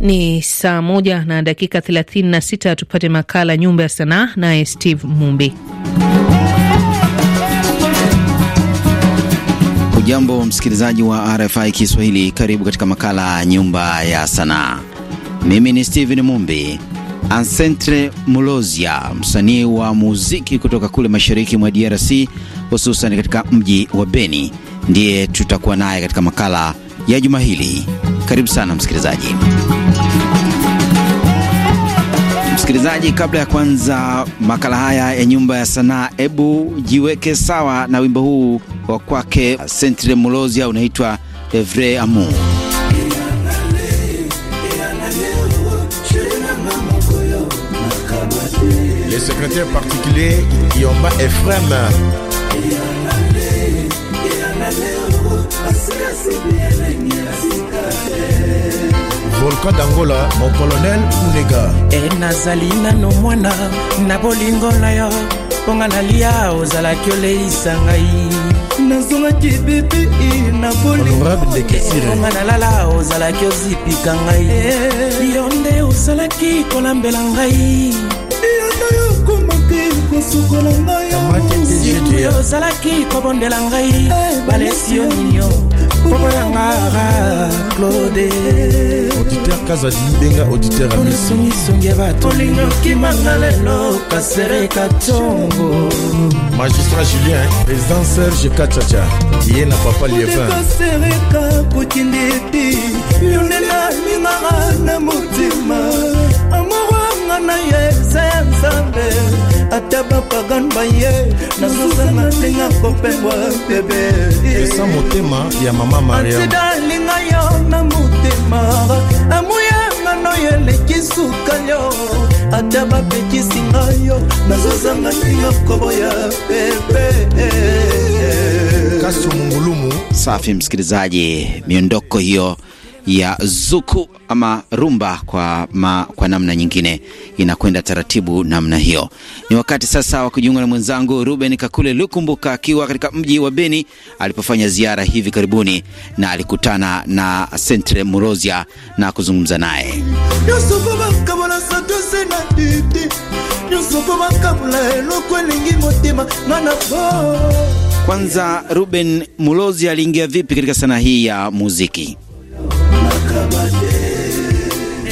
Ni saa moja na dakika 36. Tupate makala Nyumba ya Sanaa naye Steve Mumbi. ujambo msikilizaji wa RFI Kiswahili, karibu katika makala Nyumba ya Sanaa. Mimi ni Steven Mumbi. Ancentre Mulozia, msanii wa muziki kutoka kule mashariki mwa DRC, hususan katika mji wa Beni, ndiye tutakuwa naye katika makala ya juma hili. Karibu sana msikilizaji. Msikilizaji, kabla ya kuanza makala haya ya nyumba ya sanaa, hebu jiweke sawa na wimbo huu wa kwake Centre Mulozia unaitwa Evre Amour. Le secrétaire particulier volkan dangola mokolonel kunega e nazali nano mwana na bolingo na yo mponga nalia ozalaki oleisa ngai nazongaki bebe na bolingonga nalala ozalaki ozipika ngai eh. yo nde ozalaki kolambela ngai sukolo ngayoozalaki kobondela ngai eh, balesio ninio poko yanga claude auditeur kazadi benga auditeur amisongisongi ya bato olingi okimanga lelo kasereka tongo magistrat julien président serge kachacha ye na papa lievinkasereka kokindi epi lionela linganga na motima amora wana ye eza ya nzambe ata bapagan baye nasusa nalinga kopengwa bebe esa motema ya mama mariaantida alinga yo na motema amuyangano yeleki suka yo ata bapekisi ngai yo nazozanga ndinga koboya bebe kasi mungulumu safi msikilizaji miondoko hiyo ya zuku ama rumba kwa, ma, kwa namna nyingine inakwenda taratibu namna hiyo. Ni wakati sasa wa kujiunga na mwenzangu Ruben Kakule Lukumbuka akiwa katika mji wa Beni alipofanya ziara hivi karibuni na alikutana na Centre Murozia na kuzungumza naye. Kwanza, Ruben Mulozi aliingia vipi katika sanaa hii ya muziki?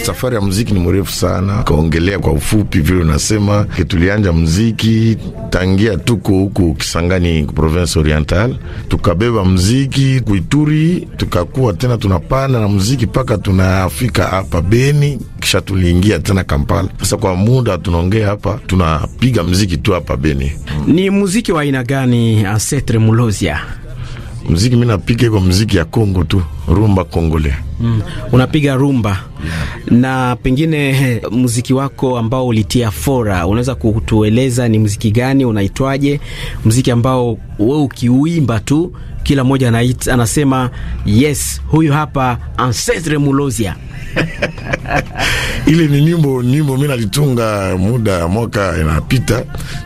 Safari ya muziki ni mrefu sana, kaongelea kwa ufupi vile unasema ke, tulianja muziki tangia tuko huku Kisangani province oriental, tukabeba muziki kuituri, tukakuwa tena tunapanda na muziki mpaka tunafika hapa Beni, kisha tuliingia tena Kampala. Sasa kwa muda tunaongea hapa, tunapiga muziki tu hapa Beni. Ni muziki wa aina gani? Asetre Mulozia mziki mi napiga iko mziki ya Kongo tu, rumba Kongole. Mm. Unapiga rumba yeah. Na pengine muziki wako ambao ulitia fora, unaweza kutueleza ni mziki gani, unaitwaje? mziki ambao we ukiuimba tu kila mmoja anaita, anasema yes, huyu hapa ancestre Mulozia. ile ni nyimbo nyimbo mi nalitunga muda ya mwaka inapita,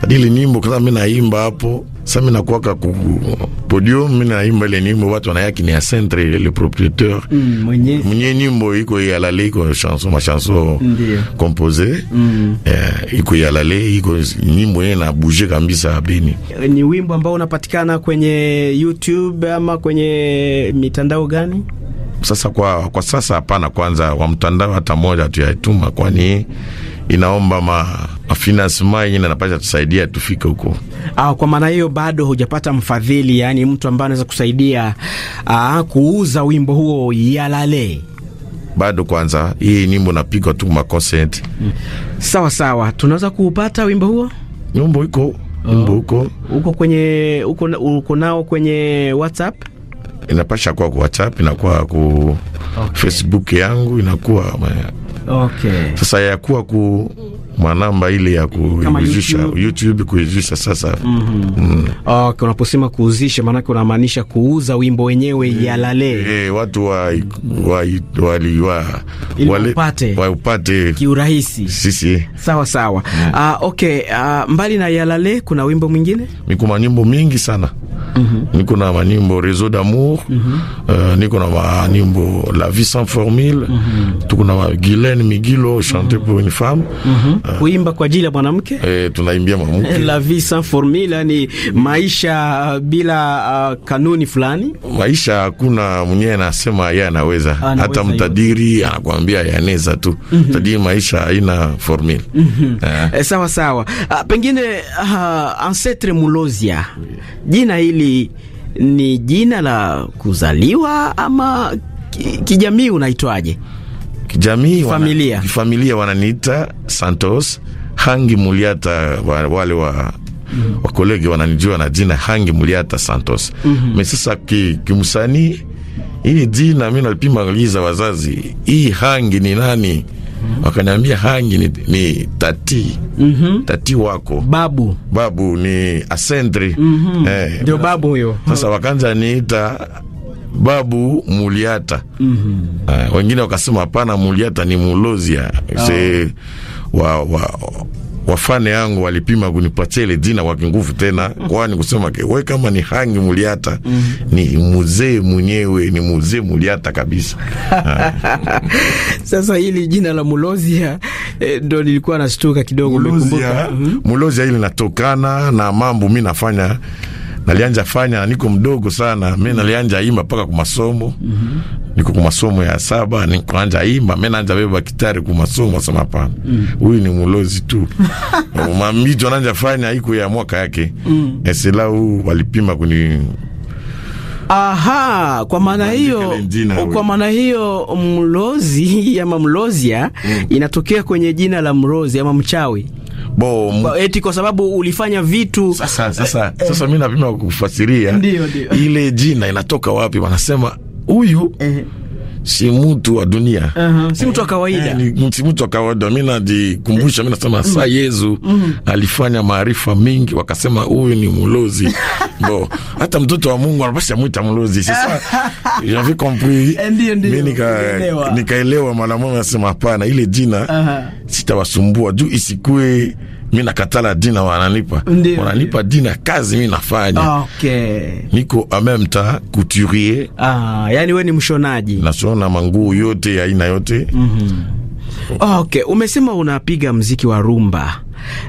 ile nyimbo kama mi naimba hapo sa mi nakuaka ku podium mi naimba ile nyimbo watu wanayaki ni ya le propriétaire mm, mwenye nyimbo iko yalale iko chanson machanson composé mm. eh, iko yalale iko nyimbo yenye na bouger kabisa beni. Ni wimbo ambao unapatikana kwenye YouTube ama kwenye mitandao gani? Sasa kwa, kwa sasa hapana, kwanza wa mtandao hata moja hatuyaituma, kwani inaomba ma financement yenye anapasha tusaidia tufike huko. Ah, kwa maana hiyo bado hujapata mfadhili, yani mtu ambaye anaweza kusaidia ah, kuuza wimbo huo yalale bado kwanza, hii nyimbo napigwa tu ma concert. Mm. Sawa sawa, tunaweza kuupata wimbo huo? Nyimbo iko nyimbo huko oh. huko kwenye uko uko nao kwenye WhatsApp, inapasha kuwa kwa WhatsApp, inakuwa ku okay. Facebook yangu inakuwa eh. okay. Sasa yakuwa ku manamba ile ya kuizisha YouTube, YouTube sasa. mm -hmm. mm. Ah, okay, unaposema kuuzisha maanake unamaanisha kuuza wimbo wenyewe e, eh, yalale e, eh, watu wa, wa, wa, wale, upate, wa upate kiurahisi sisi sawa sawa. mm. Uh, okay, uh, mbali na lale kuna wimbo mwingine, mikuma kuna nyimbo mingi sana Mhm. niko na manyimbo réseau d'amour mhm. euh, niko na manyimbo la vie sans formule mm -hmm. tuko na Gilene Migilo chante mm -hmm. pour une femme mm -hmm. uh, kuimba kwa ajili ya mwanamke eh, tunaimbia mwanamke la vie sans formule yani maisha bila uh, kanuni fulani. Maisha hakuna mwenye anasema yeye anaweza, hata mtadiri anakuambia yaneza tu mm -hmm. tadiri maisha haina formule mm -hmm. uh. eh, sawa sawa. Uh, pengine uh, ancêtre Mulozia jina hili hili ni jina la kuzaliwa ama kijamii unaitwaje? Kijamii familia, wana, familia wananiita Santos Hangi Muliata, wale wa mm -hmm. wakolege wananijua na jina Hangi Muliata Santos mm -hmm. Sasa ki, kimsanii hili jina mi nalipima liza wazazi, hii Hangi ni nani? Mhm. wakaniambia hangi ni, ni tati mm -hmm. tati wako babu babu ni asendri mm -hmm. eh, ndio babu huyo. Sasa wakaanza niita babu Muliata mm -hmm. eh, wengine wakasema hapana, Muliata ni mulozia oh. Ah. se wa, wa wafane yangu walipima kunipatia ile jina kwa kinguvu tena, kwani kusema ke we kama ni hangi muliata mm. ni muzee mwenyewe ni muzee muliata kabisa. Sasa hili jina la Mulozia eh, ndo nilikuwa nashtuka kidogo Mulozia, mm -hmm. Mulozia ile natokana na mambo mi nafanya nalianja fanya niko mdogo sana mi mm-hmm. nalianja imba mpaka kumasomo mm -hmm. niko kumasomo ya saba nikuanja imba mi naanja beba kitari kumasomo sama pana mm. huyu mm. ni mulozi tu mamitu ananja fanya iko ya mwaka yake mm. esela eh, huu walipima kuni Aha, kwa maana hiyo kwa maana hiyo mlozi ama mlozia mm. inatokea kwenye jina la mlozi ama mchawi bom eti kwa sababu ulifanya vitu. Sasa eh, sasa, eh, sasa mimi napima kufasiria, ndio ndio ile jina inatoka wapi, wanasema huyu eh si mtu wa dunia eh, si mtu wa kawaida si mtu wa kawaida. Mi najikumbusha, mi nasema saa mm. Yesu mm. alifanya maarifa mingi, wakasema huyu ni mlozi bo, hata mtoto wa Mungu anapasha mwita mlozi. Sasa javi kompri mi nikaelewa, nika mwanamama nasema hapana, ile jina sitawasumbua juu isikue mi nakatala dina wananipa wananipa dina kazi mi nafanya okay. niko amemta kuturie ah, yani we ni mshonaji nashona manguu yote ya aina yote mm -hmm. okay umesema unapiga mziki wa rumba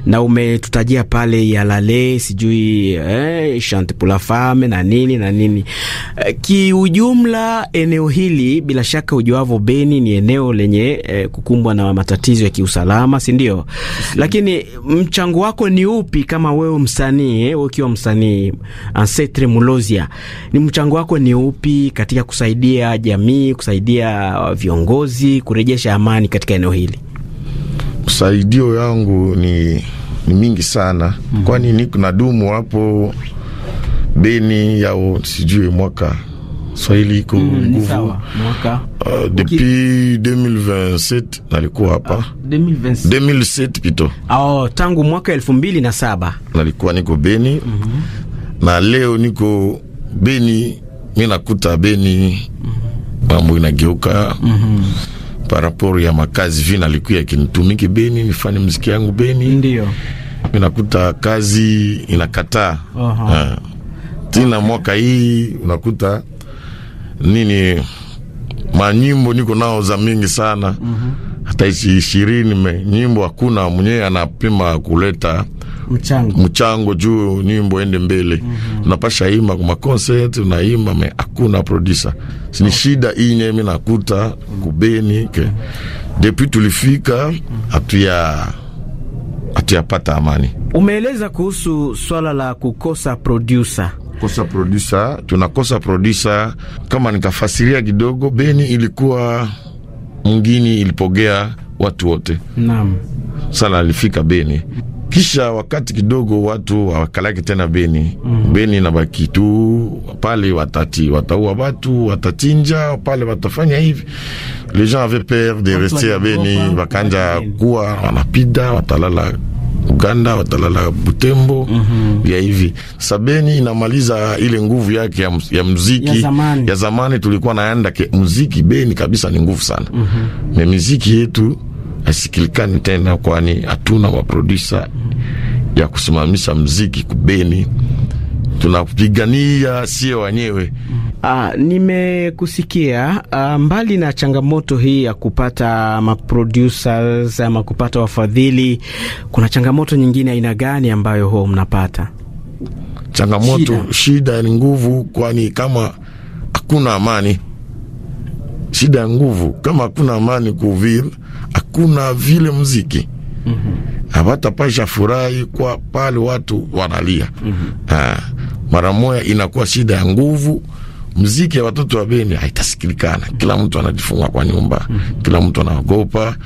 na umetutajia pale Yalale, sijui eh, Chante pour la femme na nini na nini eh, kiujumla eneo hili bila shaka ujuavo, Beni ni eneo lenye eh, kukumbwa na matatizo ya kiusalama, si ndio? Lakini mchango wako ni upi kama wewe msanii eh, ukiwa msanii Ancetre Mulozia, ni mchango wako ni upi katika kusaidia jamii, kusaidia uh, viongozi kurejesha amani katika eneo hili? saidio yangu ni, ni mingi sana mm -hmm. kwani niko na dumu hapo Beni yao sijui mwaka Swahili iko mm-hmm. nguvu uh, depuis 2027 nalikuwa hapa uh, ah, 2007 pito. Oh, tangu mwaka elfu mbili na saba nalikuwa niko Beni mm -hmm. na leo niko Beni, mi nakuta Beni mm-hmm. mambo mm -hmm. inageuka mm -hmm parapor ya makazi vi nalikuya kinitumiki Beni nifanye mziki yangu Beni, ndio unakuta kazi inakataa uh -huh. Eh. Tina okay. Mwaka hii unakuta nini manyimbo niko nao za mingi sana uh mhm. -huh. hata ishirini me nyimbo hakuna mwenyewe anapima kuleta mchango, mchango juu nyimbo ende mbele mm -hmm. Napasha ima kuma concert unaima me hakuna producer ni okay. Oh. Shida inye mimi nakuta kubeni ke depuis tulifika mhm. hatuya hatuyapata amani. Umeeleza kuhusu swala la kukosa producer kosa producer, tunakosa producer. Kama nitafasiria kidogo, Beni ilikuwa mngini ilipogea watu wote. Naam. Sana alifika Beni kisha wakati kidogo watu wakalaki tena Beni. Mm. Beni na bakitu pale, watati wataua watu, watachinja pale, watafanya hivi. Les gens avaient peur de rester a Beni, wakanja kuwa wanapida, watalala Uganda, watalala Butembo mm -hmm. ya hivi sabeni inamaliza ile nguvu yake ya, ya muziki ya zamani. ya zamani tulikuwa naenda ke muziki Beni kabisa ni nguvu sana mm -hmm. na muziki yetu asikilikani tena, kwani hatuna waprodusa ya kusimamisha mziki kubeni, tunapigania sio wenyewe. Ah, nimekusikia. Ah, mbali na changamoto hii ya kupata maproducers ama kupata wafadhili, kuna changamoto nyingine aina gani ambayo huo mnapata? Changamoto shida, shida ni nguvu, kwani kama hakuna amani, shida ya nguvu. Kama hakuna amani, kuvil hakuna vile mziki mm -hmm hawatapasha furahi kwa pale watu wanalia. mm -hmm. Mara moya inakuwa shida ya nguvu. Mziki ya watoto wa Beni haitasikilikana, kila mtu anajifunga kwa nyumba. mm -hmm. Kila mtu anaogopa,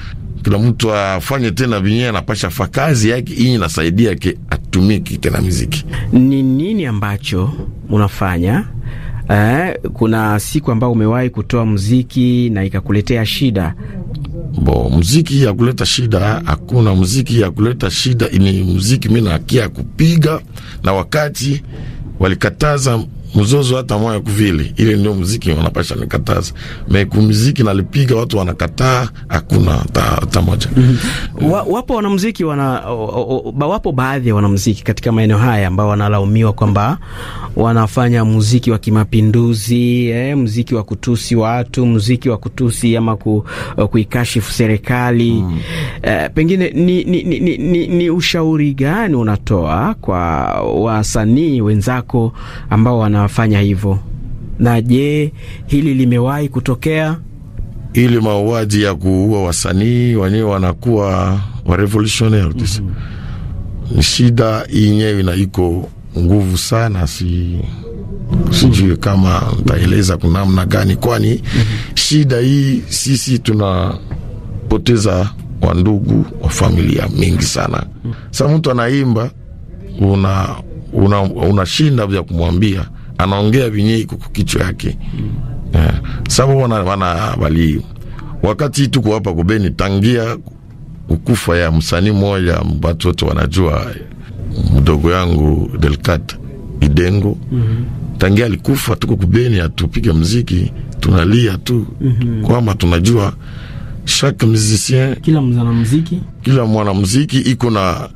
kila mtu afanye tena vinyewe, anapasha fa kazi yake inyi nasaidia ke atumiki tena muziki. Ni nini ambacho unafanya eh, kuna siku ambayo umewahi kutoa muziki na ikakuletea shida? Bo, muziki ya kuleta shida hakuna. Muziki ya kuleta shida ni muziki, mi na kupiga, na wakati walikataza mzozo hata moya kuvile. Ile ndio muziki wanapasha nikataza ku muziki nalipiga watu wanakataa, hakuna hata moja. mm -hmm. Wa, wapo wanamuziki wana, o, o, ba, wapo baadhi ya wanamuziki katika maeneo haya ambao wanalaumiwa kwamba wanafanya muziki wa kimapinduzi eh, muziki wa kutusi watu, muziki wa kutusi ama ku, kuikashifu serikali mm. Eh, pengine ni, ni, ni, ni, ni ushauri gani unatoa kwa wasanii wenzako ambao wanafanya hivyo? Na je, hili limewahi kutokea? Ili mauaji ya kuua wasanii wenyewe wanakuwa wa revolutionary mm -hmm. Ni shida yenyewe na iko nguvu sana, si sijui kama ntaeleza kunamna gani, kwani mm -hmm. shida hii sisi tunapoteza wa ndugu wa familia mingi sana. Sasa mtu anaimba, una unashinda una vya kumwambia, anaongea vinyii kuko kichwa yake yeah. Sababu wana, wana bali wakati tuko hapa kubeni tangia ukufa ya msanii mmoja, watu wote wanajua mdogo yangu Delcat Idengo mm -hmm. Tangia alikufa tuko kubeni, atupige mziki tunalia tu mm -hmm. kwamba tunajua chaque musicien, kila mwanamuziki, kila mwanamuziki iko na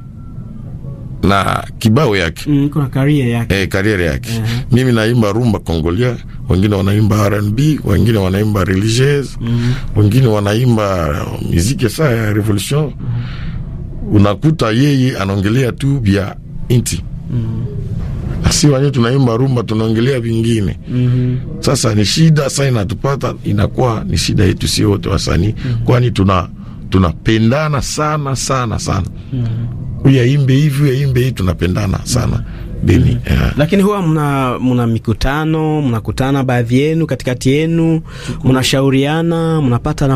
na kibao yake mm, iko na career yake eh, career yake uh -huh. Mimi naimba rumba kongolia, wengine wanaimba R&B, wengine wanaimba religieuse mm -hmm. Wengine wanaimba muziki saa ya revolution mm -hmm. Unakuta yeye anaongelea tu vya inti mm -hmm si wenyewe tunaimba rumba tunaongelea vingine mm -hmm. Sasa ni shida sana inatupata, inakuwa ni shida yetu, si wote wasanii mm -hmm. kwani tuna tunapendana sana sana sana mm -hmm. aimbe hivi huyu aimbe tunapendana sana mm -hmm. Bini, mm. Yeah. Lakini huwa mna, mna mikutano mnakutana baadhi yenu katikati yenu mnashauriana mnapata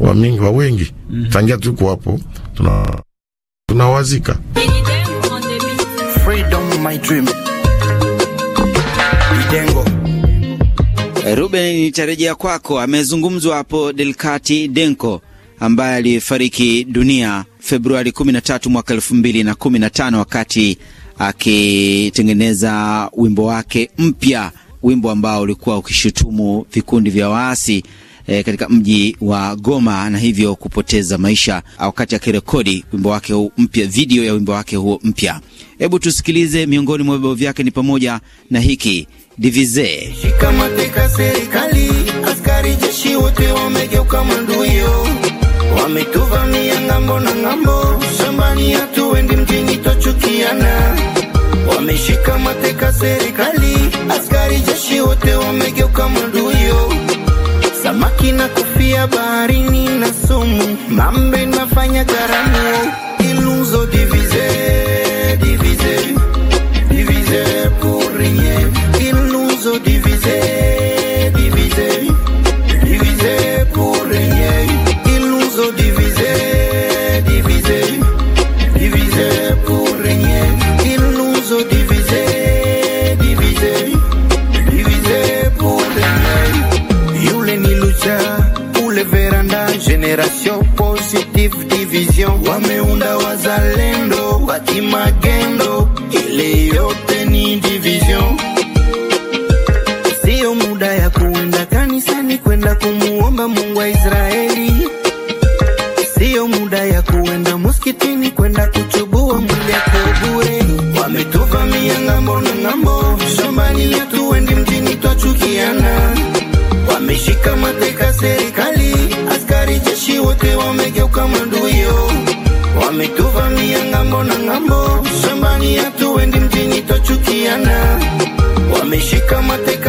wa mingi wa wengi mm -hmm. Tangia tuko hapo tuna tunawazika Freedom my dream Dengo. Eh, Ruben, nitarejea kwako. Amezungumzwa hapo Delkati Denko ambaye alifariki dunia Februari 13 mwaka 2015 wakati akitengeneza wimbo wake mpya, wimbo ambao ulikuwa ukishutumu vikundi vya waasi e, katika mji wa Goma na hivyo kupoteza maisha ah, wakati akirekodi wimbo wake mpya, video ya wimbo wake huo mpya. Hebu tusikilize, miongoni mwa vibao vyake ni pamoja na hiki Divize. Shikamate serikali, askari jeshi wote wamegeuka manduyo, wametuvamia ngambo na ngambo, shambani hatuendi, mjini twachukiana Wameshika mateka serikali, askari jeshi wote wamegeuka manduyo na kofia baharini na sumu mambe nafanya karamu iluzo divizee kwenda kumuomba Mungu wa Israeli. Siyo muda ya kuenda msikitini kwenda kutubua mwili yako bure. Wametuvamia ngambo na ngambo, shambani yetu hatuendi, mjini twachukiana. Wameshika mateka serikali, askari jeshi wote wamegeuka manduyo. Wametuvamia ngambo na ngambo, shambani yetu hatuendi, mjini twachukiana. Wameshika mateka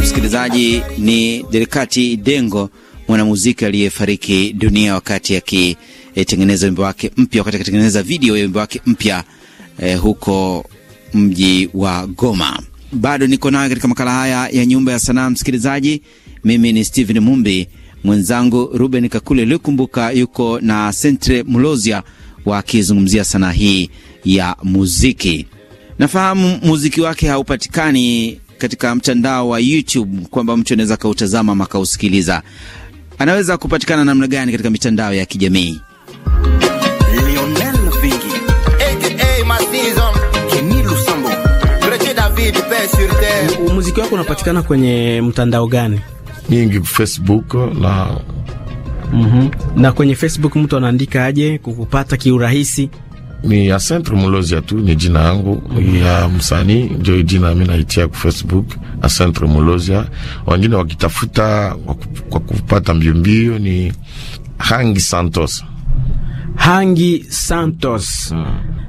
Msikilizaji, ni Delikati Dengo, mwanamuziki aliyefariki dunia wakati akitengeneza wimbo wake mpya, wakati akitengeneza video ya wimbo wake mpya eh, huko mji wa Goma. Bado niko nawe katika makala haya ya Nyumba ya Sanaa. Msikilizaji, mimi ni Steven Mumbi, mwenzangu Ruben Kakule aliyokumbuka yuko na Sentre Mulozia wakizungumzia sanaa hii ya muziki. Nafahamu muziki wake haupatikani katika mtandao wa YouTube kwamba mtu anaweza akautazama ama akausikiliza, anaweza kupatikana namna gani katika mitandao ya kijamii? Muziki wako unapatikana kwenye mtandao gani? Nyingi Facebook la... mm -hmm. Na kwenye Facebook mtu anaandika aje kukupata kiurahisi? ni ya Centre Mulozi tu ni jina yangu ya msanii, ndio jina mimi naitia ku Facebook a Centre Mulozi. Wengine wakitafuta kwa kupata mbiombio ni Hangi Santos, Hangi Santos hmm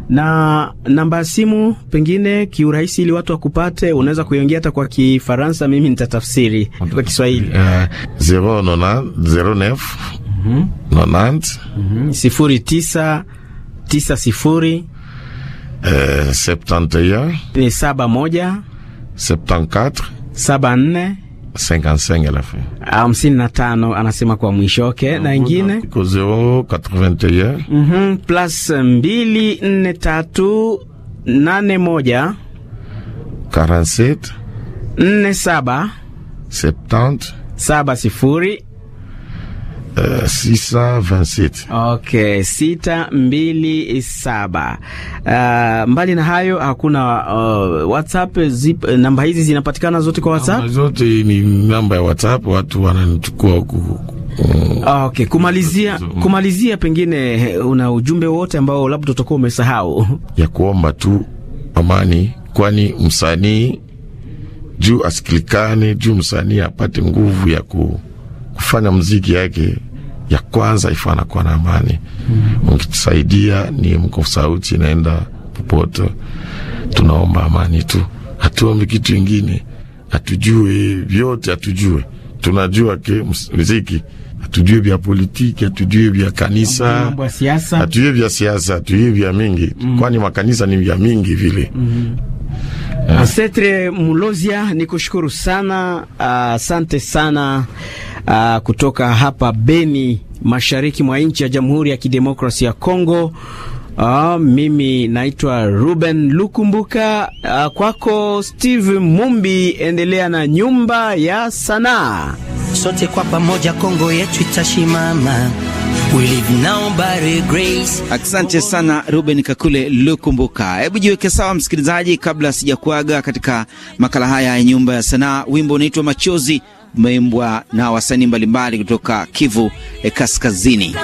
na namba ya simu pengine kiurahisi, ili watu wakupate, unaweza kuiongea hata kwa Kifaransa, mimi nitatafsiri kwa Kiswahili. Eh, mhm. Mhm. sifuri tisa tisa sifuri eh, septante ya ni saba moja septante katre saba nne hamsini na tano anasema kwa mwisho ke na ingine mm -hmm, plus mbili nne tatu nane moja karansit nne saba septante saba sifuri Uh, sita mbili saba. Okay, sita mbili saba. Uh, mbali na hayo hakuna uh, WhatsApp zip, namba hizi zinapatikana zote kwa WhatsApp? Namba zote ni namba ya WhatsApp, watu wananichukua huku. Ah, okay, kumalizia kumalizia, pengine eh, una ujumbe wote ambao labda utakuwa umesahau ya kuomba tu amani, kwani msanii juu asikilikane, juu msanii apate nguvu ya kufanya mziki yake ya kwanza ifa anakuwa na amani. Mkisaidia mm-hmm. ni mko sauti inaenda popote, tunaomba amani tu, hatuombi kitu ingine. Hatujue vyote, hatujue tunajua ke muziki, hatujue vya politiki, hatujue vya kanisa, hatujue vya siasa, hatujue vya mingi mm. kwani makanisa ni vya mingi vile mm yeah. Asetre Mulozia, ni kushukuru sana asante uh, sana uh, kutoka hapa Beni, mashariki mwa nchi ya Jamhuri ya Kidemokrasi ya Kongo. Uh, mimi naitwa Ruben Lukumbuka. Uh, kwako Steve Mumbi, endelea na nyumba ya sanaa sote kwa pamoja, Kongo yetu itashimama. Asante sana Ruben Kakule Lukumbuka. Hebu jiweke sawa msikilizaji, kabla sijakuaga katika makala haya ya nyumba ya sanaa. Wimbo unaitwa Machozi, umeimbwa na wasanii mbalimbali kutoka Kivu eh, Kaskazini.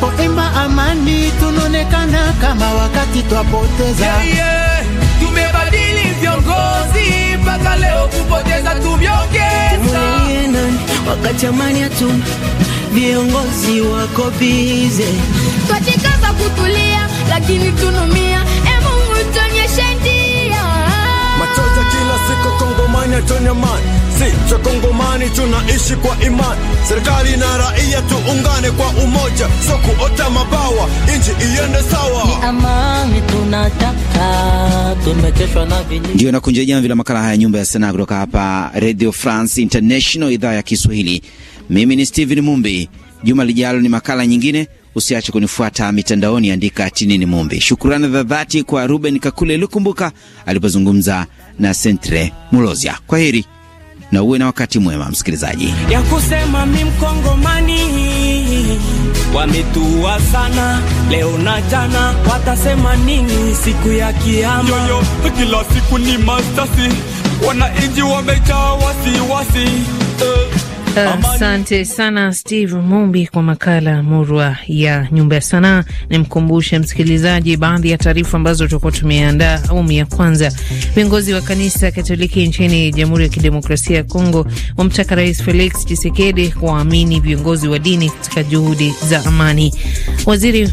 tunapoimba amani tunonekana kama wakati twapoteza. Yeah, yeah. Tumebadili viongozi mpaka leo kupoteza tumeongeza. Wakati amani hatuna viongozi wako bize. Twajikaza kutulia lakini tunumia. E Mungu tuonyeshe ndia. matoja kila siku Kongomani hatuna mani Si cha Kongomani tunaishi kwa imani. Serikali na raia tuungane kwa u kuacha so kuota mabawa, inji iende sawa, ni amani tunataka, tumekeshwa na vinyi. Ndio nakunja jamvi la makala haya Nyumba ya Sanaa kutoka hapa Radio France International, idhaa ya Kiswahili. Mimi ni Steven Mumbi. Juma lijalo ni makala nyingine. Usiache kunifuata mitandaoni, andika ni Mumbi. Shukrani za dhati kwa Ruben Kakule Lukumbuka alipozungumza na Sentre Mulozia. Kwa heri na uwe na wakati mwema, msikilizaji ya kusema mi mkongomani wametua sana leo na jana, watasema nini siku ya kiyama? Yoyo kila siku ni mastasi, wananchi wamejaa wasiwasi eh. Asante uh, sana Steve Mumbi kwa makala murwa ya nyumba ya sanaa. Nimkumbushe msikilizaji baadhi ya taarifa ambazo tutakuwa tumeandaa. Awamu ya kwanza, viongozi wa kanisa Katoliki nchini Jamhuri ya Kidemokrasia ya Kongo wamtaka Rais Felix Tshisekedi kuwaamini viongozi wa dini katika juhudi za amani. Waziri,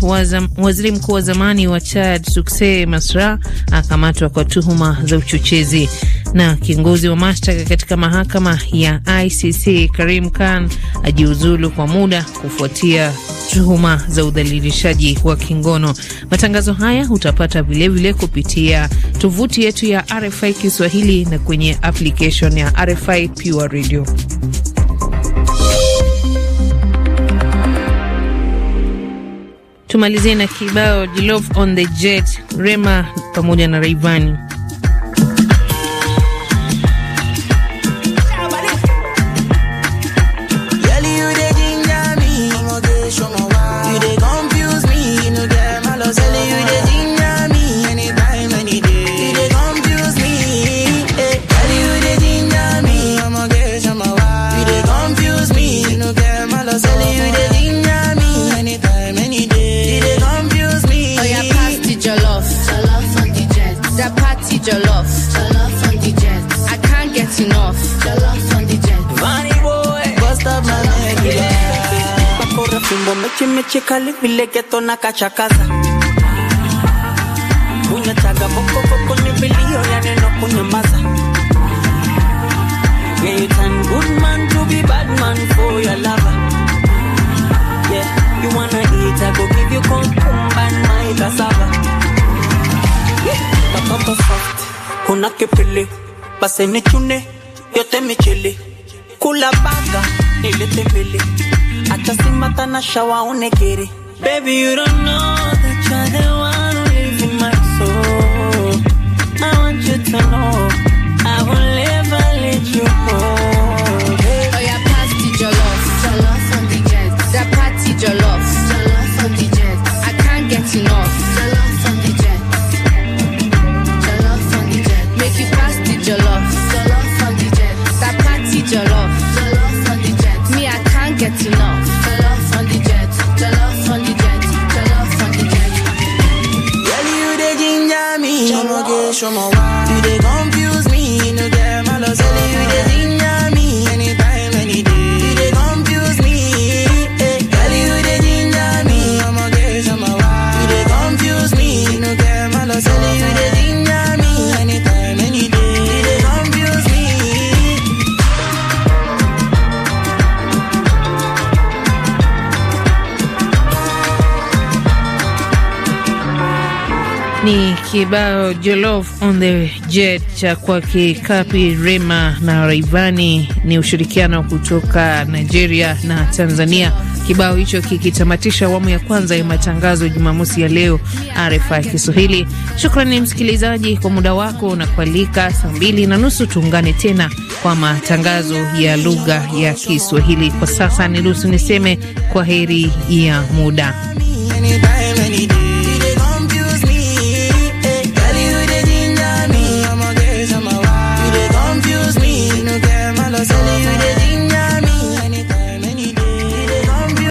waziri mkuu wa zamani wa Chad Sukse Masra akamatwa kwa tuhuma za uchochezi. Na kiongozi wa mashtaka katika mahakama ya ICC Karim Khan ajiuzulu kwa muda kufuatia tuhuma za udhalilishaji wa kingono. Matangazo haya utapata vilevile kupitia tovuti yetu ya RFI Kiswahili na kwenye application ya RFI Pure Radio. Tumalizie na kibao Love on the Jet Rema pamoja na raivani Tumbo mechi mechi kali vile geto na kachakaza. Kunya chaga boko boko ni vilio ya neno kunyamaza. Yeah, you turn good man to be bad man for your lover. Yeah, you wanna eat, I go give you cucumber and my cassava. Yeah, papa soft, kuna kipili, basi nichune, yote michili. Kula baga, nilete mbili. Hata si mata na shawa unekiri. Baby, you don't know that you're the one living my soul. I want you to know I will never let you go. Oh yeah, your the your jollof on the jet. The party jollof. Ni kibao Jolof on the Jet cha kwake Kapi Rema na Raivani, ni ushirikiano kutoka Nigeria na Tanzania. Kibao hicho kikitamatisha awamu ya kwanza ya matangazo Jumamosi ya leo RFI Kiswahili. Shukrani msikilizaji kwa muda wako na kualika, saa mbili na nusu tuungane tena kwa matangazo ya lugha ya Kiswahili. Kwa sasa niruhusu niseme kwa heri ya muda.